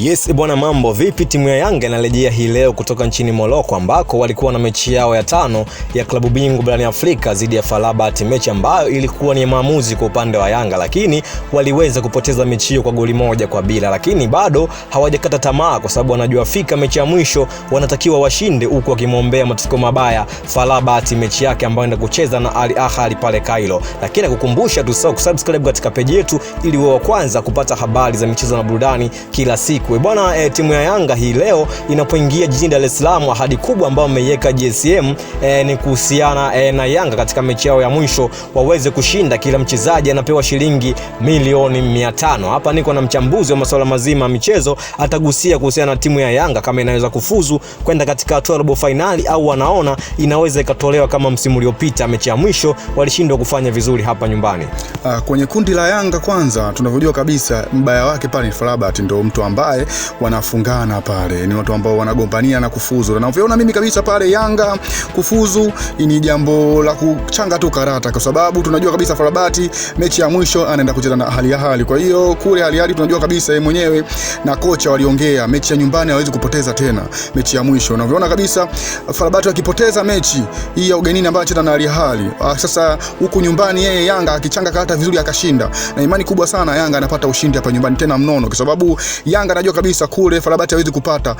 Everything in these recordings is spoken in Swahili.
Yes bwana, mambo vipi? Timu ya Yanga inarejea hii leo kutoka nchini moroko ambako walikuwa na mechi yao ya tano ya klabu bingwa barani Afrika dhidi ya FAR mechi ambayo ilikuwa ni maamuzi kwa upande wa Yanga, lakini waliweza kupoteza mechi hiyo kwa goli moja kwa bila, lakini bado hawajakata tamaa, kwa sababu wanajua fika mechi ya mwisho wanatakiwa washinde, huku wakimwombea matokeo mabaya FAR mechi yake ambayo enda kucheza na Al Ahly pale Cairo. Lakini nakukumbusha tu kusubscribe katika peji yetu ili uwe wa kwanza kupata habari za michezo na burudani kila siku siku eh, bwana. E, timu ya Yanga hii leo inapoingia jijini Dar es Salaam, ahadi kubwa ambayo ameiweka JSM e, eh, ni kuhusiana e, na Yanga katika mechi yao ya mwisho waweze kushinda. Kila mchezaji anapewa shilingi milioni 500. Hapa niko na mchambuzi wa masuala mazima ya michezo, atagusia kuhusiana na timu ya Yanga kama inaweza kufuzu kwenda katika hatua robo fainali au wanaona inaweza ikatolewa kama msimu uliopita, mechi ya mwisho walishindwa kufanya vizuri hapa nyumbani. Ah, kwenye kundi la Yanga kwanza, tunavyojua kabisa mbaya wake pale ni ndio mtu ambaye ambaye wanafungana pale. Ni watu ambao wanagombania na kufuzu. Na unavyoona mimi kabisa pale Yanga kufuzu ni jambo la kuchanga tu karata kwa sababu tunajua kabisa Farabati mechi ya mwisho anaenda kucheza na hali ya hali. Kwa hiyo kule hali hali tunajua kabisa yeye mwenyewe na kocha waliongea mechi ya nyumbani hawezi kupoteza tena mechi ya mwisho. Unavyoona kabisa Farabati akipoteza mechi hii ya ugenini ambayo anacheza na hali ya hali. Ah, sasa huku nyumbani yeye Yanga akichanga karata vizuri akashinda. Na imani kubwa sana Yanga anapata ushindi hapa nyumbani tena mnono kwa sababu Yanga anajua tunajua kabisa kule Farabati hawezi kupata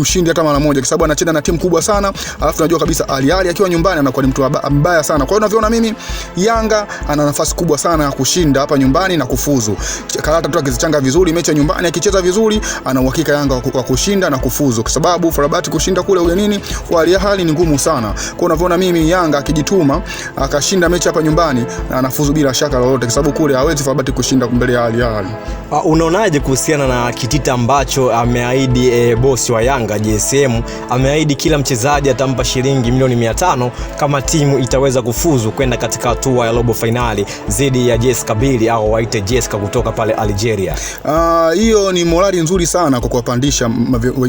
ushindi hata mara moja, kwa sababu anacheza na timu kubwa sana, alafu tunajua kabisa Ali Ali akiwa nyumbani anakuwa ni mtu mbaya sana. Kwa hiyo unavyoona mimi, Yanga ana nafasi kubwa sana ya kushinda hapa nyumbani na kufuzu. Karata tu akizichanga vizuri mechi ya nyumbani, akicheza vizuri, ana uhakika Yanga wa kushinda na kufuzu, kwa sababu Farabati kushinda kule ugenini kwa Ali Ahly ni ngumu sana. Kwa hiyo unavyoona mimi, Yanga akijituma akashinda mechi hapa nyumbani, anafuzu bila shaka lolote, kwa sababu kule hawezi Farabati kushinda mbele ya Ali Ali. Ah, unaonaje kuhusiana na kititi kitu ambacho ameahidi e, bosi wa Yanga JSM ameahidi kila mchezaji atampa shilingi milioni 500 kama timu itaweza kufuzu kwenda katika hatua ya robo fainali dhidi ya JS Kabylie au waite JS kutoka pale Algeria. Ah, hiyo ni morali nzuri sana kwa kuwapandisha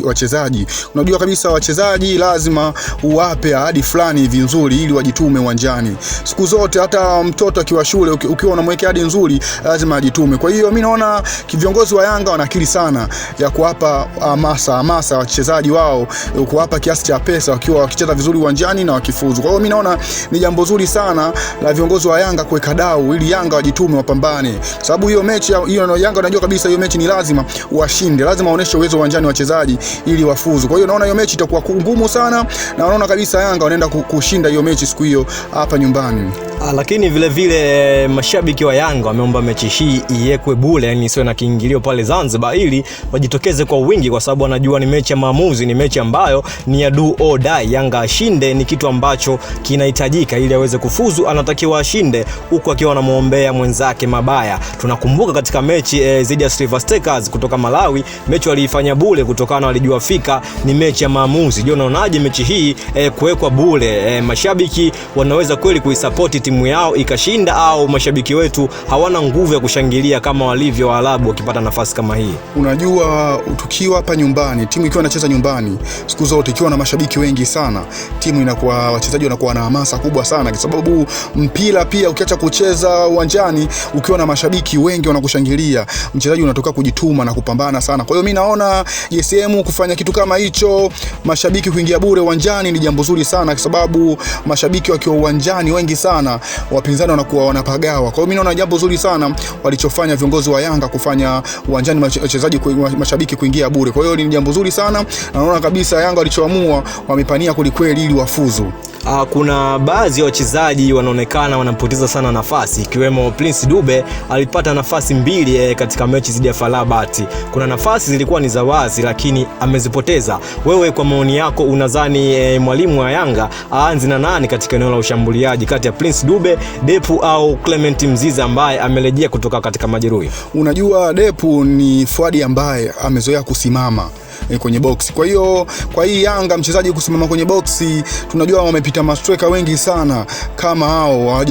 wachezaji. Unajua kabisa wachezaji lazima uwape ahadi fulani hivi nzuri ili wajitume uwanjani siku zote. Hata mtoto akiwa shule ukiwa unamwekea ahadi nzuri lazima ajitume. Kwa hiyo mimi naona viongozi wa Yanga wana akili sana ya kuwapa hamasa ah, hamasa wachezaji wao, kuwapa kiasi cha pesa wakiwa wakicheza vizuri uwanjani na wakifuzu. Kwa hiyo mimi naona ni jambo zuri sana la viongozi wa Yanga kuweka dau ili Yanga wajitume, wapambane, sababu hiyo mechi hiyo Yanga unajua kabisa hiyo mechi ni lazima washinde, lazima waoneshe uwezo uwanjani wachezaji ili wafuzu. Kwa hiyo naona hiyo mechi itakuwa ngumu sana na naona kabisa Yanga wanaenda kushinda hiyo mechi siku hiyo hapa nyumbani. Ah, lakini vile vile eh, mashabiki wa Yanga wameomba mechi hii iwekwe bure, yani isiwe na kiingilio pale Zanzibar, ili wajitokeze kwa wingi, kwa sababu wanajua ni mechi ya maamuzi, ni mechi ambayo ni ya do or die. Yanga ashinde ni kitu ambacho kinahitajika ili aweze kufuzu, anatakiwa ashinde, huku akiwa anamwombea mwenzake mabaya. Tunakumbuka katika mechi e, eh, dhidi ya Silver Stakers kutoka Malawi, mechi waliifanya bure kutokana, walijua fika ni mechi ya maamuzi. Je, unaonaje mechi hii e, kuwekwa bure? E, mashabiki wanaweza kweli kuisupport timu yao ikashinda au mashabiki wetu hawana nguvu ya kushangilia kama walivyo Waarabu wakipata nafasi kama hii? Unajua, tukiwa hapa nyumbani, timu ikiwa inacheza nyumbani siku zote, ikiwa na mashabiki wengi sana, timu inakuwa, wachezaji wanakuwa na hamasa kubwa sana, kwa sababu mpira pia ukiacha kucheza uwanjani, ukiwa na mashabiki wengi wanakushangilia, mchezaji unatoka kujituma na kupambana sana. Kwa hiyo mimi naona JSM kufanya kitu kama hicho, mashabiki kuingia bure uwanjani ni jambo zuri sana, kwa sababu mashabiki wakiwa uwanjani wengi sana wapinzani wanakuwa wanapagawa. Kwa hiyo mimi naona jambo zuri sana walichofanya viongozi wa Yanga kufanya uwanjani wachezaji mashabiki kuingia bure. Kwa hiyo ni jambo zuri sana, naona kabisa Yanga walichoamua wamepania kwelikweli ili wafuzu uh, kuna baadhi ya wachezaji wanaonekana wanapoteza sana nafasi, ikiwemo Prince Dube alipata nafasi mbili eh, katika mechi dhidi ya FAR Rabat. Kuna nafasi zilikuwa ni za wazi, lakini amezipoteza. Wewe kwa maoni yako unadhani eh, mwalimu wa Yanga aanze na nani katika eneo la ushambuliaji kati ya Prince Dube, Depu au Clement Mzize ambaye amerejea kutoka katika majeruhi? Unajua Depu ni Fuadi ambaye amezoea kusimama e, kwenye box. Kwa hiyo kwa hii Yanga mchezaji kusimama kwenye box, tunajua wamepita mastreka wengi sana kama hao,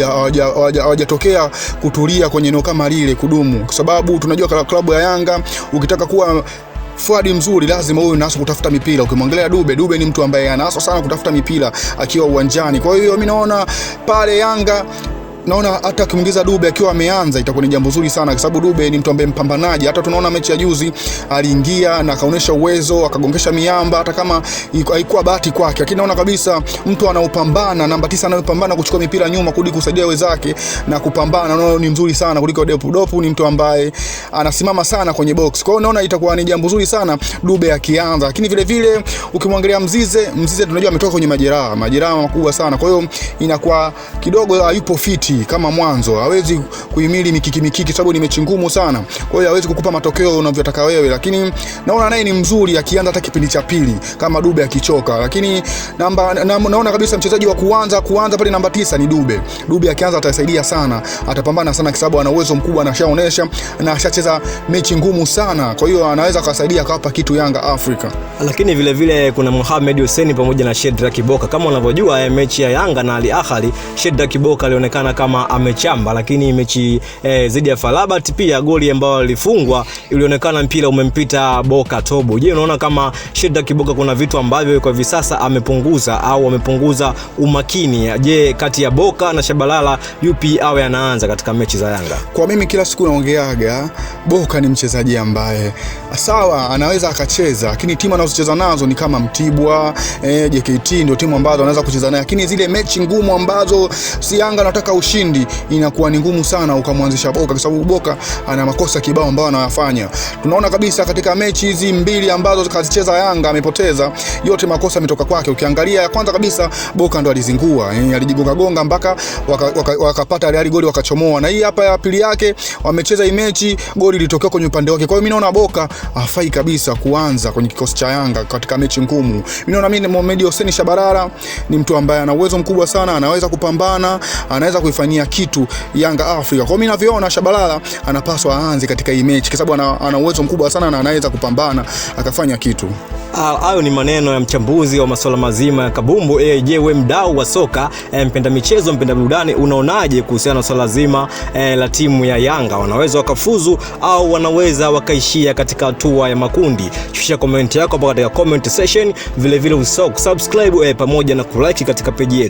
hawajatokea kutulia kwenye eneo kama lile kudumu, kwa sababu tunajua klabu ya Yanga ukitaka kuwa fuadi mzuri lazima huyu naso kutafuta mipira. Ukimwangalia Dube, Dube ni mtu ambaye anaso sana kutafuta mipira akiwa uwanjani. Kwa hiyo mimi naona pale Yanga naona hata akimwingiza Dube akiwa ameanza itakuwa ni jambo zuri sana, kwa sababu Dube ni mtu ambaye mpambanaji. Hata tunaona mechi ya juzi aliingia na akaonyesha uwezo, akagongesha miamba, hata kama haikuwa bahati kwake, lakini naona kabisa mtu anaopambana, namba tisa anayopambana kuchukua mipira nyuma kurudi kusaidia wenzake na kupambana, naona ni mzuri sana kuliko Dopu. Dopu ni mtu ambaye anasimama sana kwenye box, kwa hiyo naona itakuwa ni jambo zuri sana Dube akianza, lakini vile vile ukimwangalia Mzize, Mzize tunajua ametoka kwenye majeraha, majeraha makubwa sana, kwa hiyo inakuwa kidogo hayupo fiti mikiki kama mwanzo, hawezi kuhimili mikiki mikiki, sababu ni mechi ngumu sana. Kwa hiyo hawezi kukupa matokeo unavyotaka wewe, lakini naona naye ni mzuri akianza hata kipindi cha pili kama Dube akichoka, lakini namba na, naona kabisa mchezaji wa kuanza kuanza pale namba tisa ni Dube. Dube akianza atasaidia sana, atapambana sana kwa sababu ana uwezo mkubwa, na anashaonesha na ashacheza mechi ngumu sana, kwa hiyo anaweza kusaidia akawapa kitu Yanga Afrika. Lakini vile vile kuna Mohamed Hussein pamoja na Shedrack Boka, kama unavyojua eh, mechi ya Yanga na Al Ahly, Shedrack Boka alionekana kama kama amechamba, lakini mechi eh, zidi ya Falabat pia goli ambayo alifungwa ilionekana mpira umempita Boka Tobo. Je, unaona kama Shida Kiboka kuna vitu ambavyo kwa hivi sasa amepunguza au amepunguza umakini? Je, kati ya Boka na Shabalala yupi awe anaanza katika mechi za Yanga? Kwa mimi kila siku naongeaga Boka ni mchezaji ambaye sawa anaweza akacheza, lakini timu anazocheza nazo ni kama Mtibwa eh, JKT ndio timu ambazo anaweza kucheza naye, lakini zile mechi ngumu ambazo si Yanga anataka ushindi, inakuwa ni ngumu sana ukamwanzisha Boka, kwa sababu Boka ana makosa kibao ambayo anayafanya. Tunaona kabisa katika mechi hizi mbili ambazo kazicheza Yanga amepoteza yote, makosa yametoka kwake. Ukiangalia ya kwanza kabisa Boka ndo alizingua, eh, alijigonga gonga mpaka wakapata waka, waka, waka waka, waka, waka, waka, waka, goli wakachomoa, na hii hapa ya pili yake wamecheza hii mechi goli goli lilitokea kwenye upande wake. Kwa hiyo mimi naona Boka afai kabisa kuanza kwenye kikosi cha Yanga katika mechi ngumu. Mimi naona mimi Mohamed Hussein Shabarara ni mtu ambaye ana uwezo mkubwa sana, anaweza kupambana, anaweza kuifanyia kitu Yanga Afrika. Kwa hiyo mimi navyoona Shabarara anapaswa aanze katika hii mechi kwa sababu ana uwezo mkubwa sana na anaweza kupambana akafanya kitu. Ah, hayo ni maneno ya mchambuzi wa masuala mazima ya kabumbu. E, je, wewe mdau wa soka e, mpenda michezo, mpenda burudani, unaonaje kuhusiana na swala zima e, la timu ya Yanga wanaweza wakafuzu au wanaweza wakaishia katika hatua ya makundi. Shusha komenti yako hapo katika comment section, vilevile usisahau kusubscribe eh, pamoja na kulike katika peji yetu.